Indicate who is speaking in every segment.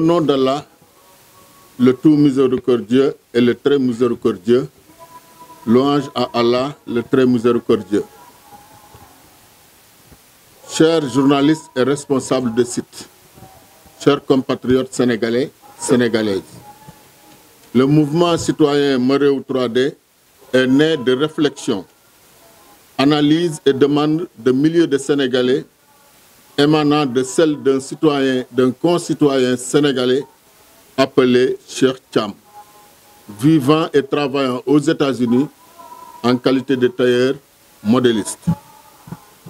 Speaker 1: Au nom d'Allah, le tout miséricordieux et le très miséricordieux, louange à Allah, le très miséricordieux. Chers journalistes et responsable de site, chers compatriotes sénégalais, sénégalaises, le mouvement citoyen Merew 3D est né de réflexions, analyses et demandes de milliers de Sénégalais émanant de celle d'un citoyen, d'un concitoyen sénégalais appelé Cheikh Cham, vivant et travaillant aux États-Unis en qualité de tailleur modéliste.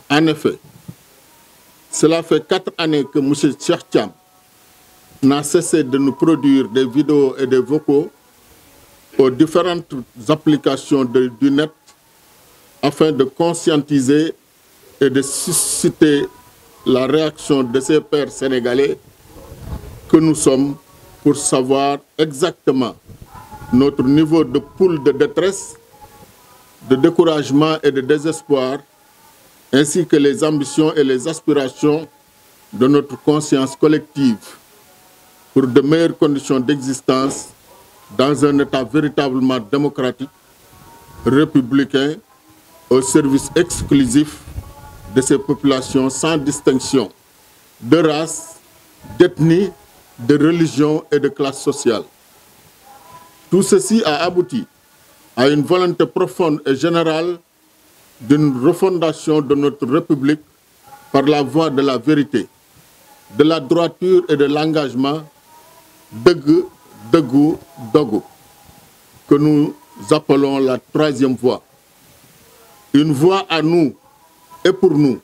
Speaker 1: En effet, cela fait quatre années que M. Cheikh n'a cessé de nous produire des vidéos et des vocaux aux différentes applications de, du net afin de conscientiser et de susciter la réaction de ces pères sénégalais que nous sommes pour savoir exactement notre niveau de poule de détresse, de découragement et de désespoir, ainsi que les ambitions et les aspirations de notre conscience collective pour de meilleures conditions d'existence dans un État véritablement démocratique, républicain, au service exclusif de ces populations sans distinction de race, d'ethnie, de religion et de classe sociale. Tout ceci a abouti à une volonté profonde et générale d'une refondation de notre République par la voie de la vérité, de la droiture et de l'engagement dëgg, dëggu, dogu, que nous appelons la troisième voie. Une voie à nous est pour nous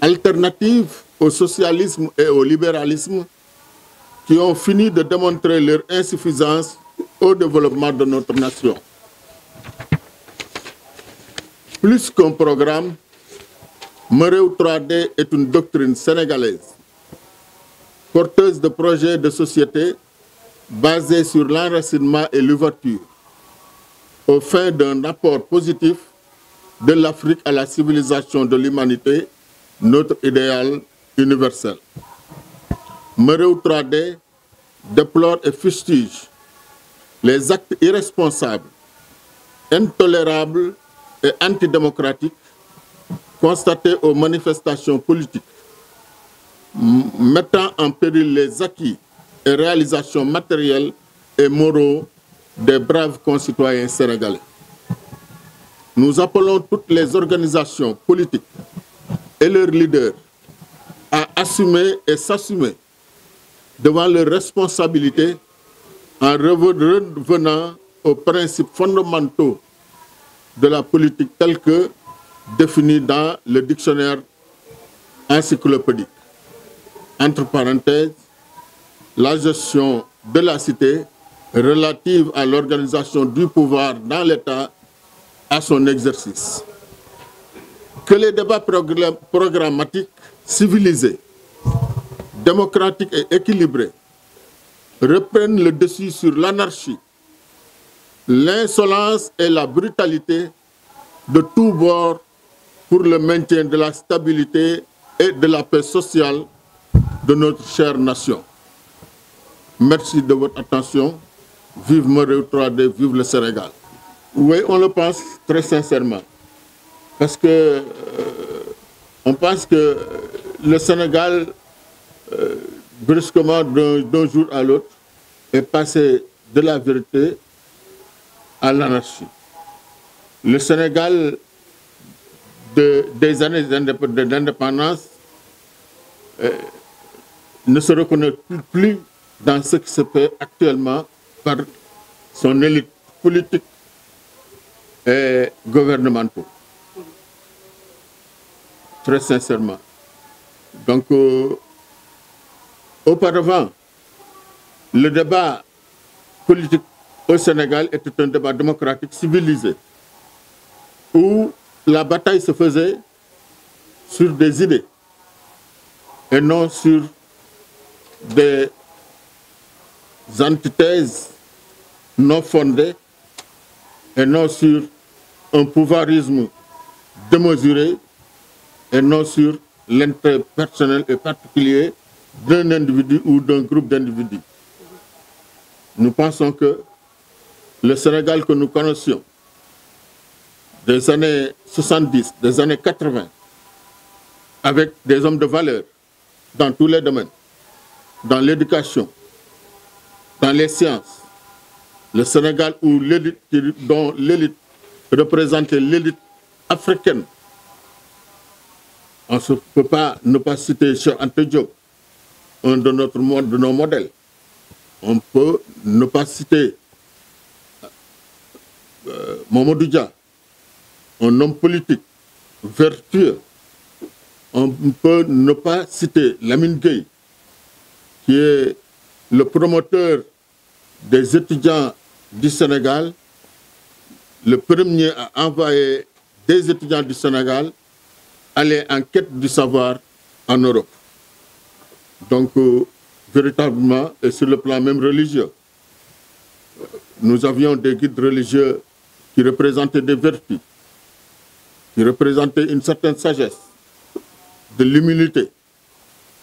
Speaker 1: alternative au socialisme et au libéralisme qui ont fini de démontrer leur insuffisance au développement de notre nation. Plus qu'un programme, Mereu 3D est une doctrine sénégalaise, porteuse de projets de société basés sur l'enracinement et l'ouverture, au fin d'un apport positif de l'Afrique à la civilisation de l'humanité, notre idéal universel. Merew 3D déplore et fustige les actes irresponsables, intolérables et antidémocratiques constatés aux manifestations politiques, mettant en péril les acquis et réalisations matérielles et moraux des braves concitoyens sénégalais. Nous appelons toutes les organisations politiques et leurs leaders à assumer et s'assumer devant leurs responsabilités en revenant aux principes fondamentaux de la politique tels que définis dans le dictionnaire encyclopédique. Entre parenthèses, la gestion de la cité relative à l'organisation du pouvoir dans l'État à son exercice. Que les débats programmatiques civilisés, démocratiques et équilibrés reprennent le dessus sur l'anarchie, l'insolence et la brutalité de tous bords pour le maintien de la stabilité et de la paix sociale de notre chère nation. Merci de votre attention. Vive Moreau 3D, vive le Sénégal. Oui, on le pense très sincèrement. Parce que euh, on pense que le Sénégal, euh, brusquement d'un jour à l'autre, est passé de la vérité à l'anarchie. Le Sénégal des années d'indépendance euh, ne se reconnaît plus dans ce qui se fait actuellement par son élite politique gouvernementaux. Très sincèrement. Donc, euh, auparavant, le débat politique au Sénégal était un débat démocratique civilisé, où la bataille se faisait sur des idées et non sur des antithèses non fondées et non sur un pouvoirisme démesuré et non sur l'intérêt personnel et particulier d'un individu ou d'un groupe d'individus. Nous que le Sénégal que nous connaissions des années 70, des années 80, avec des hommes de valeur dans tous les domaines, dans l'éducation, dans les sciences, le Sénégal où dont l'élite représenter l'élite africaine. On ne peut pas ne pas citer Cheikh Anta Diop, un de, nos modèles. On peut ne pas citer euh, Mamadou un homme politique vertueux. On peut ne pas citer Lamine Gueye, qui est le promoteur des étudiants du Sénégal le premier à envoyer des étudiants du Sénégal aller en quête du savoir en Europe. Donc, euh, véritablement, et sur le plan même religieux, nous avions des guides religieux qui représentaient des vertus, qui représentaient une certaine sagesse, de l'humilité,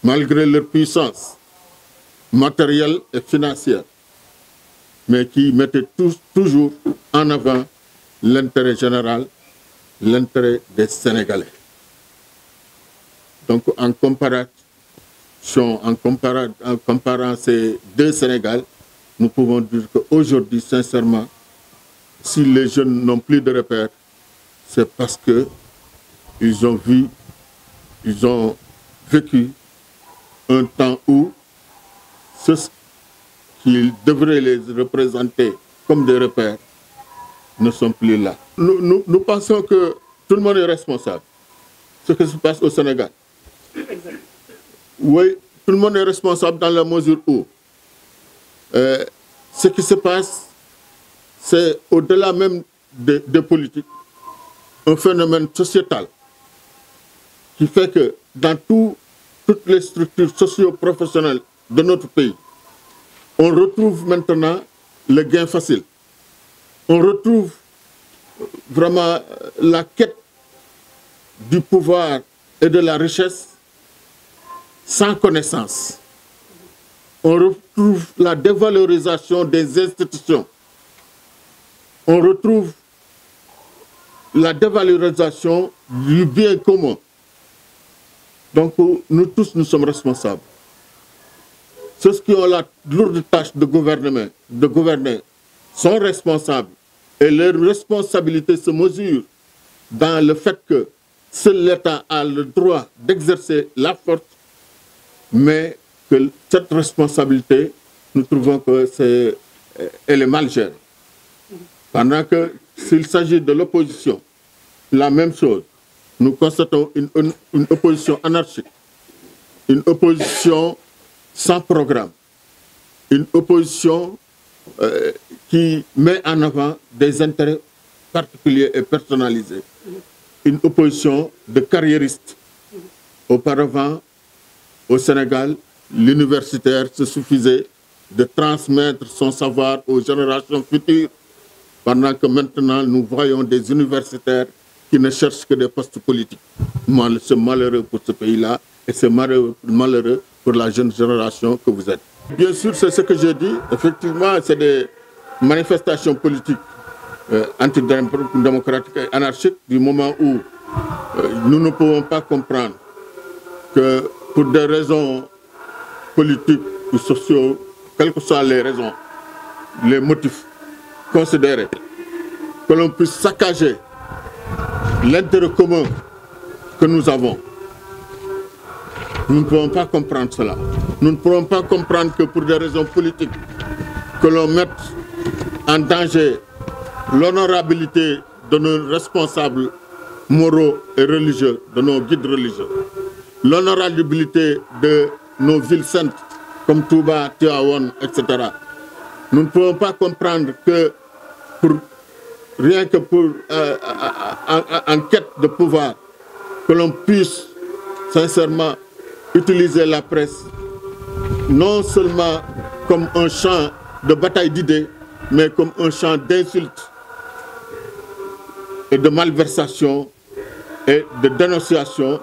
Speaker 1: malgré leur puissance matérielle et financière, mais qui mettaient tous, toujours en avant l'intérêt général, l'intérêt des Sénégalais. Donc en comparaison, en, compara en comparant ces deux Sénégal, nous pouvons dire qu'aujourd'hui, sincèrement, si les jeunes n'ont plus de repères, c'est parce que ils ont vu, ils ont vécu un temps où ceux qui devraient les représenter comme des repères ne sont plus là. Nous, nous, nous, pensons que tout le monde est responsable. Ce qui se passe au Sénégal. Exactement. Oui, tout le monde est responsable dans la mesure où euh, ce qui se passe, c'est au-delà même des de politiques, un phénomène sociétal qui fait que dans tout, toutes les structures socio-professionnelles de notre pays, on retrouve maintenant le gain facile. on retrouve vraiment euh, la quête du pouvoir et de la richesse sans connaissance. On retrouve la dévalorisation des institutions. On retrouve la dévalorisation du bien commun. Donc nous tous, nous sommes responsables. Ceux qui ont la lourde tâche de gouvernement, de gouverner, sont responsables Et leur responsabilité se mesure dans le fait que seul l'État a le droit d'exercer la force, mais que cette responsabilité, nous trouvons que euh, est mal gérée. Pendant que s'il s'agit de l'opposition, la même chose. Nous constatons une, une, une opposition anarchique, une opposition sans programme, une opposition euh, qui met en avant des intérêts particuliers et personnalisés. Une opposition de carriéristes. Auparavant, au Sénégal, l'universitaire se suffisait de transmettre son savoir aux générations futures, pendant que maintenant nous voyons des universitaires qui ne cherchent que des postes politiques. C'est malheureux pour ce pays-là et c'est malheureux pour la jeune génération que vous êtes. Bien sûr, c'est ce que j'ai dit. Effectivement, c'est des manifestations politiques euh, antidémocratiques et anarchiques du moment où euh, nous ne pouvons pas comprendre que pour des raisons politiques ou sociaux, quelles que soient les raisons, les motifs considérés, que l'on puisse saccager l'intérêt commun que nous avons. Nous ne pouvons pas comprendre cela. Nous ne pourrons pas comprendre que pour des raisons politiques, que l'on mette en danger l'honorabilité de nos responsables moraux et religieux, de nos guides religieux, l'honorabilité de nos villes saintes comme Touba, Tiawan, etc. Nous ne pouvons pas comprendre que pour, rien que pour euh, euh, euh en, en quête de pouvoir, que l'on puisse sincèrement utiliser la presse non seulement comme un champ de bataille d'idées, mais comme un champ d'insultes et de malversations et de dénonciations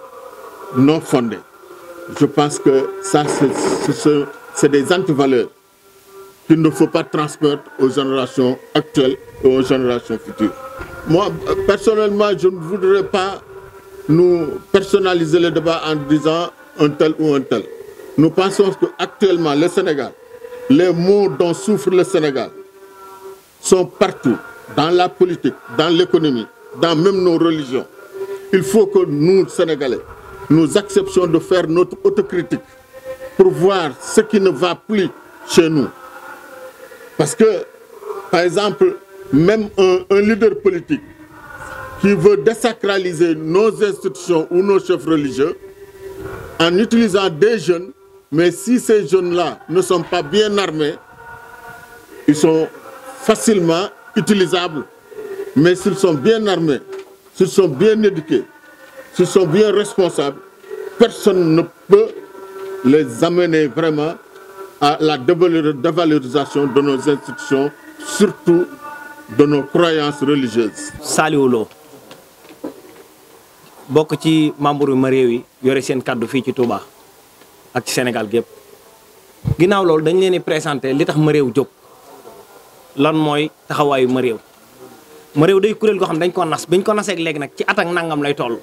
Speaker 1: non fondées. Je pense que ça, c'est des antivaleurs qu'il ne faut pas transmettre aux générations actuelles et aux générations futures. Moi, personnellement, je ne voudrais pas nous personnaliser le débat en disant un tel ou un tel. Nous pensons qu'actuellement, le Sénégal, les maux dont souffre le Sénégal sont partout, dans la politique, dans l'économie, dans même nos religions. Il faut que nous, Sénégalais, nous acceptions de faire notre autocritique pour voir ce qui ne va plus chez nous. Parce que, par exemple, même un, un leader politique qui veut désacraliser nos institutions ou nos chefs religieux en utilisant des jeunes Mais si ces jeunes-là ne sont pas bien armés, ils sont facilement utilisables. Mais s'ils sont bien armés, s'ils sont bien éduqués, s'ils sont bien responsables, personne ne peut les amener vraiment à la dévalorisation de nos institutions, surtout de nos croyances religieuses. Saliou Lo
Speaker 2: bokk ci membre yu ma yi yore seen kàddu fii ci Touba. ak ci Sénégal gépp ginnaaw loolu dañ leen di présenté li tax ma jóg lan mooy taxawaayu ma réew ma réew day kuréel goo xam dañ ko nas biñ ko naseeg léegi nag ci at nangam lay toll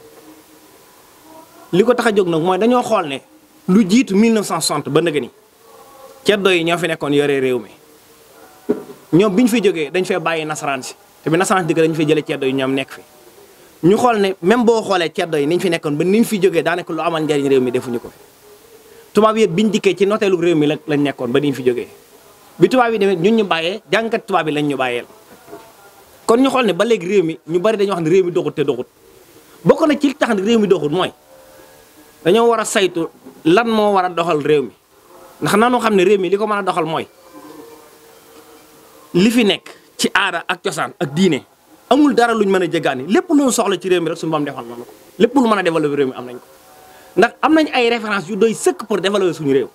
Speaker 2: li ko tax a jóg nag mooy dañoo xool ne lu jiitu 1960 ba nëgë ni ceddo yi ñoo fi nekkoon yore réew mi ñoom bi ñu fi jógee dañ fee bàyyi nasaraan si te bi nasaraan si dëgg dañu fee jëlee ceddo yi ñoom nekk fi ñu xool ne même boo xoolee ceddo yi niñ fi nekkoon ba niñ fi jógee daanaka lu amal njariñ réew mi defuñu ko tubaab yi biñ dikkee ci noteelu réew mi lañ nekkoon ba niñ fi jógee bi tubaab yi demee ñun ñu bàyyee jàngkat tubaab yi lañ ñu bàyyeel kon ñu xool ne ba léegi réew mi ñu bari dañu wax ne réew mi doxut te doxut bokk na ci tax ne réew mi doxut mooy dañoo war a saytu lan moo war a doxal réew mi ndax nanu xam ne réew mi li ko man a doxal mooy lifi nekk ci aada ak cosaan ak diine amul dara luñ mën a jéggaani lépp luñ soxla ci réew mi rek suñu boroom defal na ko lépp lu mën a développer réew mi am nañ ko ndax am nañ ay référence yu doy sëkk pour développer suñu réew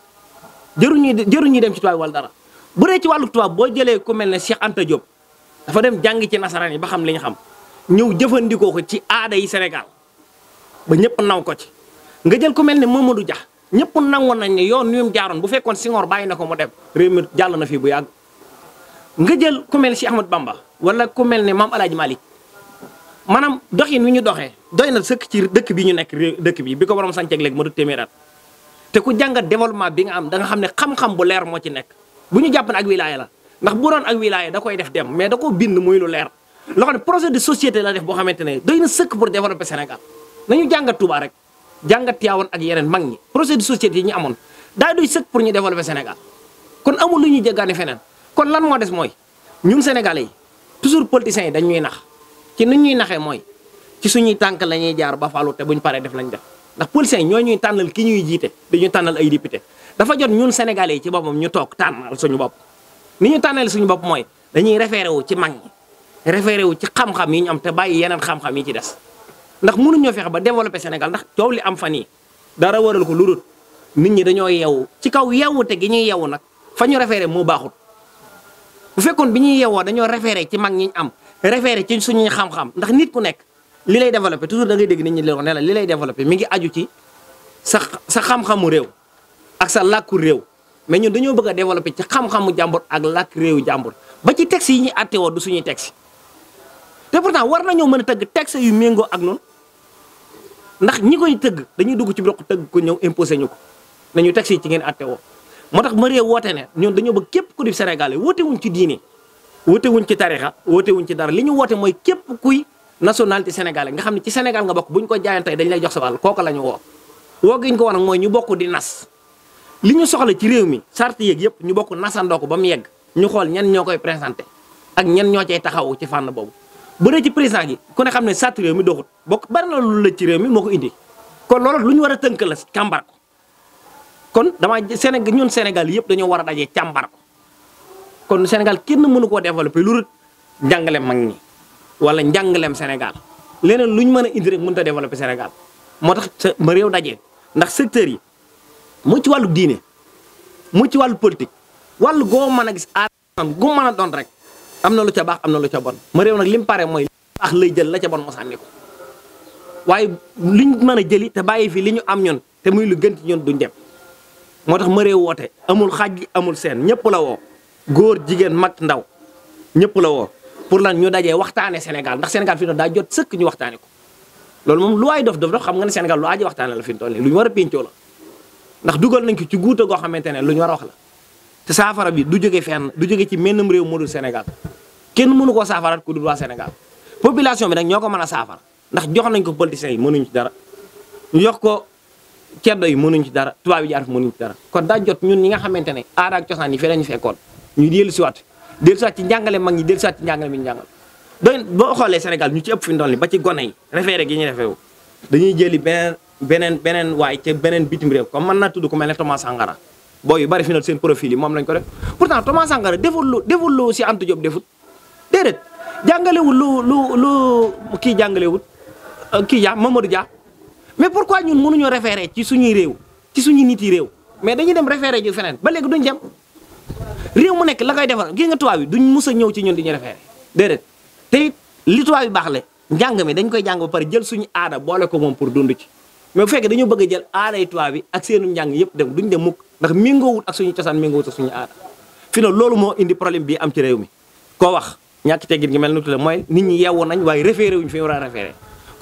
Speaker 2: jëruñuy jëruñuy dem ci tubaab wala dara bu dee ci wàllu tubaab boo jëlee ku mel ne Cheikh Anta dafa dem jàng ci nasaraan yi ba xam li ñu xam ñëw jëfandikoo ko ci aada yi Sénégal ba ñëpp naw ko ci nga jël ku mel ne Mamadou Dia ñëpp nangoon nañ ne yoon wi mu bu fekkoon Senghor bàyyi na ko mu dem réew jàll na fii bu yàgg nga jël ku mel ne Cheikh Bamba wala ku mel ne maam El Hadj Malick maanaam doxin wi ñu doxee doy na sëkk ci dëkk bi ñu nekk dëkk bi bi ko borom sànceeg léegi ma du téeméeraat te ku jàngat développement bi nga am da nga xam ne xam-xam bu leer moo ci nekk bu ñu jàpp ne ak wilaaya la ndax bu doon ak wilaaya da koy def dem mais da ko bind muy lu leer loo xam ne projet de société la def boo xamante ne doy na sëkk pour développer Sénégal nañu jàngat Touba rek jàngat Tivaouane ak yeneen mag ñi projet de société yi ñu amoon daay doy sëkk pour ñu développer Sénégal kon amul lu ñuy jéggaane feneen kon lan moo des mooy ñun Sénégalais yi toujours politiciens yi dañ ñuy nax ci ni ñuy naxee mooy ci suñuy tànk la ñuy jaar ba falu te buñ paree def lañ def ndax politiciens yi ñoo ñuy tànnal ki ñuy jiite dañuy tànnal ay député dafa jot ñun sénégalais ci ci boppam ñu toog tànnal suñu bopp ni ñu tànnal suñu bopp mooy dañuy référé wu ci mag ñi wu ci xam yi ñu am te bàyyi yeneen xam-xam yi ci des ndax mënuñoo fexe ba développé Sénégal ndax coow li am fan yi dara waral ko lu dul nit ñi dañoo yeewu ci kaw yeewute gi ñuy yeewu nag fa ñu référé moo baaxut bu fekkoon bi ñuy yeewoo dañoo référé ci mag ñi am référé ci suñuy xam-xam ndax nit ku nekk li lay développé toujours danga ngay dégg nit ñi leen wax ne la li lay aju ci sa sa xam-xamu réew ak sa làkku réew mais ñun dañoo bëgg a développé ci xam-xamu jàmbur ak làkk réew jàmbur ba ci texte yi ñuy àtte woo du suñuy texte te pourtant war na nañoo mën a tëgg texte yu méngoo ak noonu ndax ñi koy tëgg dañuy dugg ci biir tëgg ko ñëw imposé ñu ko nañu texte yi ci ngeen àtte woo moo tax ma réew woote ne ñun dañoo bëgg képp ku di Sénégalais woote wuñ ci diine woote wuñ ci tarixa woote wuñ ci dara li ñu woote mooy képp kuy nationalité sénégalais nga xam ne ci Sénégal nga bokk buñ ko jaayantee dañ lay jox sa wàll kooku la ñu woo woo gi ñu ko war nag mooy ñu bokk di li ñu soxla ci réew mi sart yeeg yëpp ñu bokk nasandoo ko ba mu yegg ñu xool ñan ñoo koy présenté ak ñan ñoo cay taxaw ci fànn boobu bu dee ci président gi ku ne xam ne sart réew mi doxut bokk bari na lu lëj mi moo ko indi kon loolu lu ñu war a tënk la càmbar ko kon dama Sénégal ñun Sénégal yëpp dañoo war a dajee càmbar ko kon Sénégal kenn mënu koo développé lu dul njàngaleem mag ñi wala njàngaleem Sénégal leneen lu ñu mën a indi rek mënut a développé Sénégal moo tax sa ma réew daje ndax secteurs yi mu ci wàllu diine mu ci wàllu politique wàllu goo mën a gis aaraan gu mën a doon rek am na lu ca baax am na lu ca bon ma réew nag li pare mooy baax lay jël la ca bon moo sànni ko waaye liñ mën a jëli te bàyyi fi li ñu am ñun te muy lu gënt ñun duñ dem moo tax ma réew woote amul xaaj amul seen ñëpp la woo góor jigéen mag ndaw ñëpp la woo pour lan ñu dajee waxtaane Sénégal ndax Sénégal fi mu daa jot sëkk ñu waxtaane ko loolu moom lu waay dof dof dof xam nga ne Sénégal lu aji waxtaane la fi mu toll nii lu ñu war a péncoo la ndax dugal nañ ko ci guuta goo xamante ne lu ñu war a wax la te saafara bi du jóge fenn du jóge ci mennum réew mu dul Sénégal kenn mënu koo saafaraat ku waa Sénégal population bi nag ñoo ko mën a saafara ndax jox nañ ko politiciens yi mënuñ ci dara ñu jox ko ceddo yi mënuñ ci dara tubaab yi jaar dara kon daa jot ñun ñi nga xamante ne aada cosaan yi fee lañu fekkoon ñu dellu siwaat dellu siwaat ci njàngale mag ñi dellu siwaat ci njàngale mi ñu jàngal doy boo xoolee Sénégal ñu ci ëpp fi ñu ba ci gone yi référé gi ñu refewu dañuy jëli beneen beneen beneen waay ca beneen bitim réew comme mën naa tudd ku mel ne Thomas Sankara boo yu bari fi seen profil yi moom lañ ko def pourtant Thomas Sankara deful lu deful lu si Anta Diop defut déedéet jàngalewul lu lu lu kii jàngalewul euh, kii Dia Mamadou Dia mais pourquoi ñun mënuñoo référé ci suñuy réew ci suñuy nit yi réew mais dañuy dem référé ji feneen ba léegi duñ dem réew mu nekk la koy defar gis nga tubaab bi duñ mus a ñëw ci ñun di ñu référé déedéet tey it li tubaab bi baax le njàng mi dañ koy jàng ba pare jël suñu aada boole ko moom pour dund ci mais bu fekkee dañoo bëgg jël aaday tubaab bi ak seenu njàng yëpp dem duñ dem mukk ndax méngoowut ak suñu cosaan méngoowut ak suñu aada fi na loolu moo indi problème bii am ci réew mi koo wax ñàkk teggin gi mel ni tule mooy nit ñi yeewoon nañ waaye référé wuñ fi ñu war a référé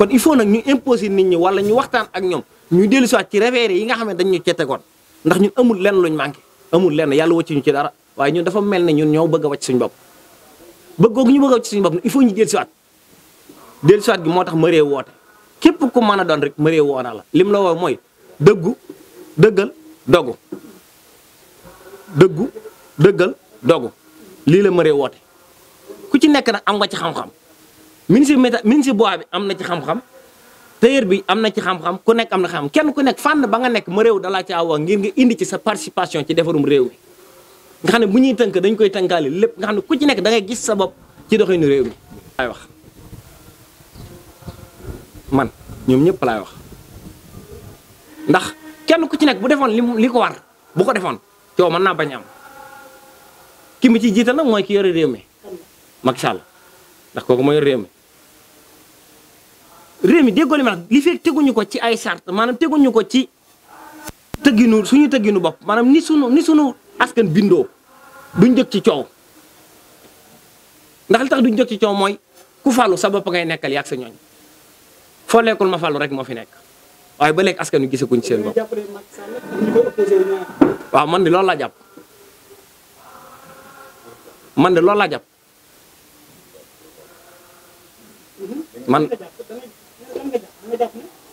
Speaker 2: il faut nag ñu imposer nit ñi wala ñu waxtaan ak ñoom ñu dellu si ci référé yi nga xam ne dañ ñu cettegoon ndax ñun amul lenn luñ manqué amul lenn yàlla wacci ñu ci dara waaye ñun dafa mel ne ñun ñoo bëgg a wàcc suñu bopp bëggoo gi ñu bëgg a wàcc suñu bopp il faut ñu dellusiwaat dellusiwaat gi moo tax ma réew woote képp ku mën a doon rek ma réew woo naa la lim la woo mooy dëggu dëggal dogu dëggu dëggal dogu lii la ma réew woote ku ci nekk na am nga ci xam-xam ministre méta ministre bois bi am na ci xam-xam tailleur bi am na ci xam-xam ku nekk am na xam kenn ku nekk fànn ba nga nekk ma réew dalaa ci awoo ngir nga indi ci sa participation ci defarum réew mi nga xam ne bu ñuy tënk dañ koy tënkaale lépp nga xam ne ku ci nekk da ngay gis sa bopp ci doxinu réew mi laay wax man ñoom ñëpp laay wax ndax kenn ku ci nekk bu defoon li li ko war bu ko defoon coow mën naa bañ am ki mu ci jiital nag mooy ki yore réew mi Macky Sall ndax kooku mooy réew mi réew mi déggoo li ma li fekk teguñu ko ci ay charte maanaam teguñu ko ci tëgginu suñu tëgginu bopp maanaam ni sunu ni sunu askan bindoo du jëkk ci coow ndax li tax duñ jëkk ci coow mooy ku falu sa bopp ngay nekkal yaag sa ñooñ foo lekkul ma falu rek moo fi nekk waaye ba léegi askan wi gisaguñ seen bopp waaw man de loolu laa jàpp man de loolu laa jàpp man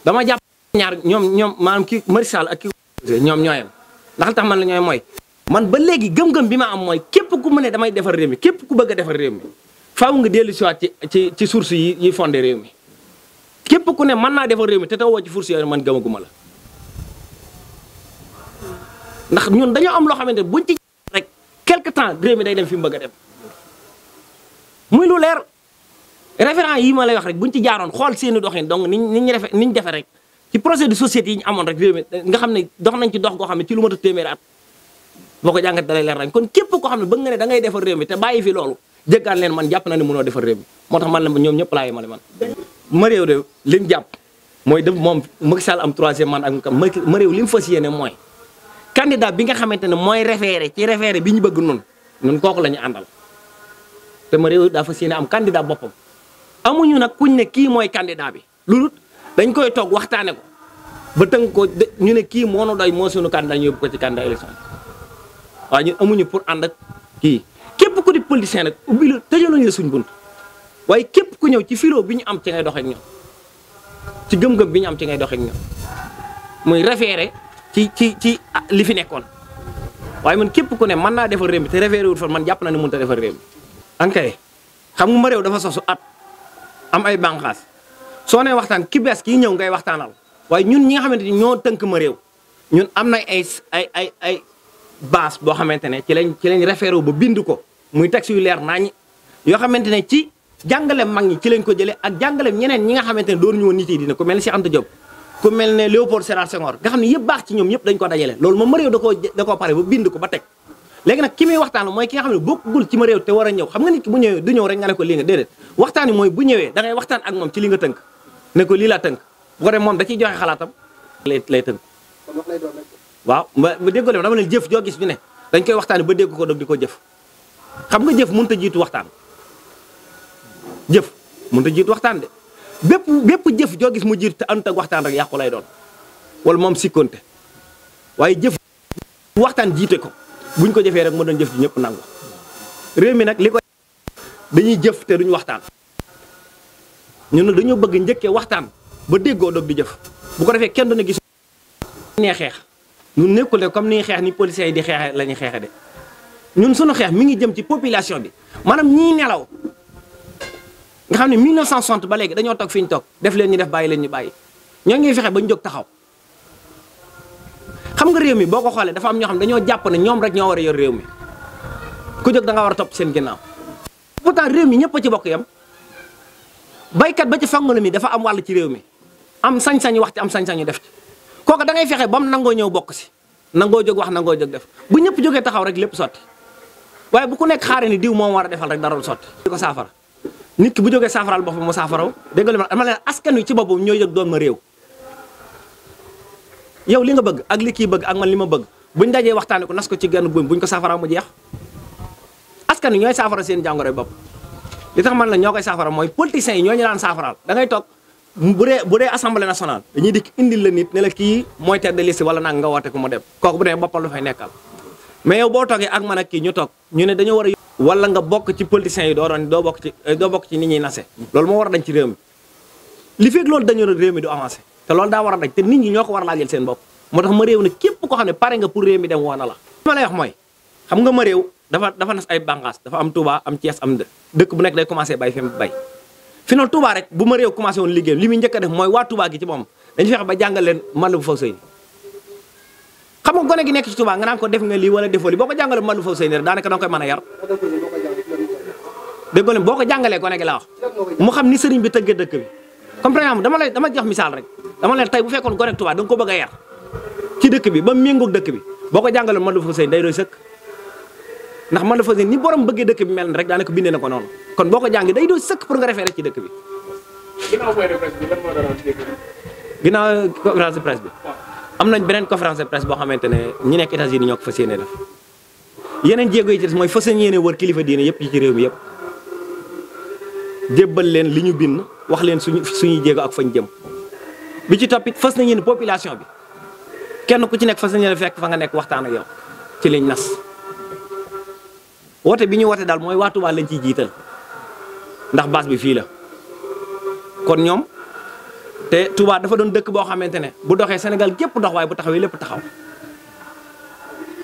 Speaker 2: dama jàpp ñaar ñoom ñoom maanaam ki Macky Sall ñoom ñooyam ndax li tax man la ñooy mooy man ba léegi gëm-gëm bi ma am mooy képp ku mu ne damay defar réew mi képp ku bëgg a defar faaw nga dellu ci ci ci source yi yi fondé réew mi képp ku ne mën naa defar réew mi te tawoo ci source yooyu man gëmaguma la ndax ñun dañoo am loo xamante buñ ci rek quelque temps réew mi day dem fi mu bëgg a dem muy lu leer référent yi ma lay wax rek buñ ci jaaroon xool seeni doxin donc ni ñu ñu defe ni ñu defe rek ci projet de société yi ñu amoon rek réew mi nga xam ne dox nañ ci dox goo xam ne ci lu mat a téeméeri at boo ko jàngat dalay leer nañ kon képp koo xam ne bëgg nga ne da te bàyyi fi loolu jéggaan leen man jàpp na ne mënoo defar réew mi moo tax man ma réew de li jàpp mooy def moom Macky Sall am troisième mandat ak ma réew li mu fas yéene mooy candidat bi nga xamante ne mooy référé ci référé bi ñu bëgg nun nun kooku la ñu àndal te ma am candidat boppam amuñu nag kuñ ne kii mooy candidat bi loolu dañ koy toog waxtaane ko ba tënk ko ñu ne kii moo nu doy moo sunu candidat ñu yóbbu ko ci candidat élection waaw ñun amuñu pour ànd kii képp ku di politicien nag ubbi la tëjal nañu la suñ bunt waaye képp ku ñëw ci filoo bi ñu am ci ngay doxeek ñoom ci bi ñu am ci ngay doxeek ñoom muy référé ci ci ci ah, li fi nekkoon waaye man képp ku ne mën naa defal réew mi te référé wul fan man jàpp na ne mënut a defal réew mi. ankay xam nga ma réew dafa sosu at am ay bànqaas soo nee waxtaan ki kii ñëw ngay waxtaanal waaye ñun ñi nga xamante ni ñoo tënk ma réew ñun am na ay ay ay ay. base boo xamante ne ci lañ ci lañ référé ba bind ko muy texte yu leer naññ yoo xamante ne ci jàngaleem mag ñi ci lañ ko jëlee ak jàngaleem ñeneen ñi nga xamante ne doon ñu woon nit yi dina ku mel ne Cheikh Anta Diop ku mel yëpp baax ci ñoom yëpp dañ ko dajale loolu moom ma réew da koo da koo pare ba bind ko ba teg léegi nag ki muy waxtaan mooy ki nga xam ne bokkul ci ma réew te war a ñëw xam nga nit ki bu ñëwee du ñëw rek nga ne ko lii la déedéet waxtaan yi da ngay waxtaan ak moom ci lay lay waaw ma déggoo leen dama ne jëf joo gis ñu ne dañ koy waxtaane ba dégg ko doog di ko jëf xam nga jëf mënut a jiitu waxtaan jëf mënut a jiitu waxtaan de bépp bépp jëf joo gis mu jiitu te àndut ak waxtaan rek yàqu lay doon wala moom sikkonte waaye jëf waxtaan jiite ko buñ ko jëfee rek moo doon jëf ñëpp nangu réew mi nag li dañuy jëf te waxtaan ñu ne dañoo bëgg njëkkee waxtaan ba déggoo doog di jëf bu ko defee kenn doona gis neexeex ñun nekkul ne comme ni ñuy xeex ni policiers yi di xeexe la ñuy xeexe de ñun sunu xeex mi ngi jëm ci population bi maanaam ñii nelaw nga xam ne 1960 ba léegi dañoo toog fi ñu toog def leen ñu def bàyyi leen ñu bàyyi ñoo ngi fexe ba ñu jóg taxaw xam nga réew mi boo ko xoolee dafa am ñoo xam ne dañoo jàpp ne ñoom rek ñoo war a yor réew mi ku jóg da nga war a topp seen ginnaaw. pourtant réew mi ñëpp ci bokk yam baykat ba ci fangalu mi dafa am wàll ci réew mi am sañ-sañu wax ci am sañ-sañu def ci. kooka da ngay fexe ba mu nangoo ñëw bokk si nangoo jog wax nangoo jóg def bu ñëpp jógee taxaw rek lépp sot waaye bu ku nekk xaare ni diw moom war a defal rek dara du di ko saafara nit ki bu jógee saafaraal boppam mu saafaraw dégg nga ma dama askan wi ci boppam ñooy jóg doon ma réew yow li nga bëgg ak li kii bëgg ak man li ma bëgg bu ñu dajee waxtaane ko nas ko ci genn buum buñ ko saafara mu jeex askan wi ñooy saafara seen jàngoro bopp li tax man la ñoo koy safara mooy politiciens yi ñoo ñu daan saafaraal da ngay toog bu dee bu dee assemblée nationale dañuy dikk indil la nit ne la kii mooy tedd liste wala nag nga woote ku mu dem kooku bu demee boppam lu fay nekkal mais yow boo toogee ak man kii ñu toog ñu ne dañoo war a wala nga bokk ci politiciens yi doo doon doo bokk ci eh, doo bokk ci nit ñuy nase loolu moo war a dañ ci réew mi li fekk loolu dañoo réew mi du avancé te loolu daa war a dañ te nit ñi ñoo ko war a laajal seen bopp moo tax ma réew ne képp koo xam ne pare nga pour réew dem woon la ma lay wax mooy xam ay bànqaas dafa am Touba am Thiès am dëkk bu nekk day commencé bay fi mu bay fi noonu Touba rek bu ma réew commencé woon liggéeyam li muy njëkk a def mooy waa Touba gi ci moom dañu fexe ba jàngal leen man la bu faw sëy xam nga nekk ci Touba nga naan ko def nga lii wala defoo lii boo ko jàngalee man la bu a yar dégg nga boo ko jàngalee gone gi la wax mu xam ni sëriñ bi tëggee dëkk bi comme par dama lay dama jox misaal rek dama leen tey bu fekkoon gone Touba da nga ko bëgg a yar ci dëkk bi ba méngoog dëkk bi boo ko jàngalee man la bu day doy sëkk ndax man la fas ni borom bëggee dëkk bi mel na rek daanaka bindee na ko noonu kon boo ko jàngee day doo sëkk pour nga référé ci dëkk bi. ginnaaw point de presse bi am nañ beneen conférence de presse boo xamante ne ñi nekk États-Unis ñoo ko fas yéene def yeneen jéego yi ci mooy fas yéene wër kilifa diine yëpp ci réew mi yëpp jébbal leen li ñu bind wax leen suñu suñuy jéego ak fañ jëm bi ci toppit fas nañu ne population bi kenn ku ci nekk fas nañu ne fekk fa nga nekk waxtaan a yow ci liñ nas. woote bi ñu woote daal mooy waa Touba lañ ciy jiital ndax base bi fii la kon ñoom te Touba dafa doon dëkk boo xamante ne bu doxee senegal gépp dox waaye bu taxawee lépp taxaw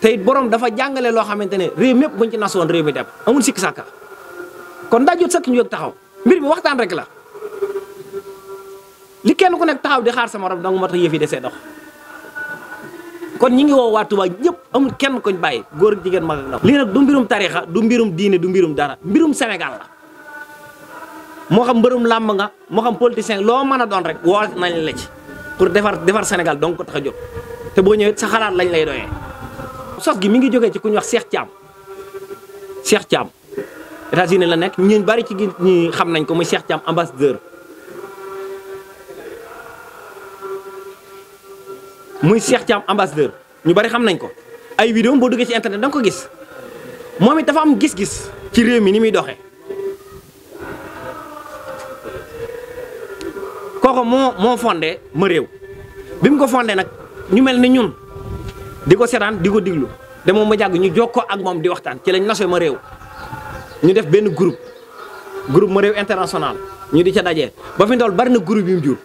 Speaker 2: te borom dafa jàngale loo xamante ne réew mépp buñ ci nasoon réew mi dem amul siki sàkka kon daa jot sëkk taxaw mbir mi waxtaan rek la li kenn ku nekk taxaw di xaar sama morom danga moo tax yëf yi desee dox kon ñi ngi woo waa Touba ñëpp amul kenn koñ bàyyi góor ak jigéen mag ak ndaw lii du mbirum tarixa du mbirum diine du mbirum dara mbirum senegal la moo xam mbërum làmb nga moo xam politicien loo mën a doon rek woo nañ la ci pour defar defar Sénégal donc ko tax a te boo ñëwee sa xalaat lañ lay doyee sos gi mi ngi jógee ci ku ñuy wax Cheikh Thiam Cheikh Thiam États-Unis la nekk ñun bari ci ñi xam nañ ko muy Cheikh Thiam ambassadeur muy Cheikh Thiam ambassadeur ñu bari xam nañ ko ay vidéo boo duggee ci internet da nga ko gis moom it dafa am gis-gis ci réew mi ni muy doxe kooku moo moo fondé ma réew bi mu ko fondé nag ñu mel ni ñun di ko seetaan di ko diglu de moom ma jàgg ñu jokkoo ak moom di waxtaan ci lañ nasoo ma réew ñu def benn groupe groupe ma réew ñu di ca dajee ba fi ndool bari na groupe yu mu jur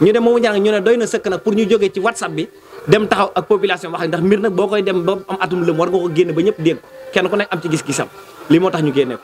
Speaker 2: ñu dem moomu njàng ñu ne doy na sëkk nag pour ñu jógee ci whatsapp bi dem taxaw ak population wax ndax mbir na boo koy dem ba am atum lëm war nga ko génne ba ñëpp dégg kenn ku nekk am ci gis-gisam lii moo tax ñu génne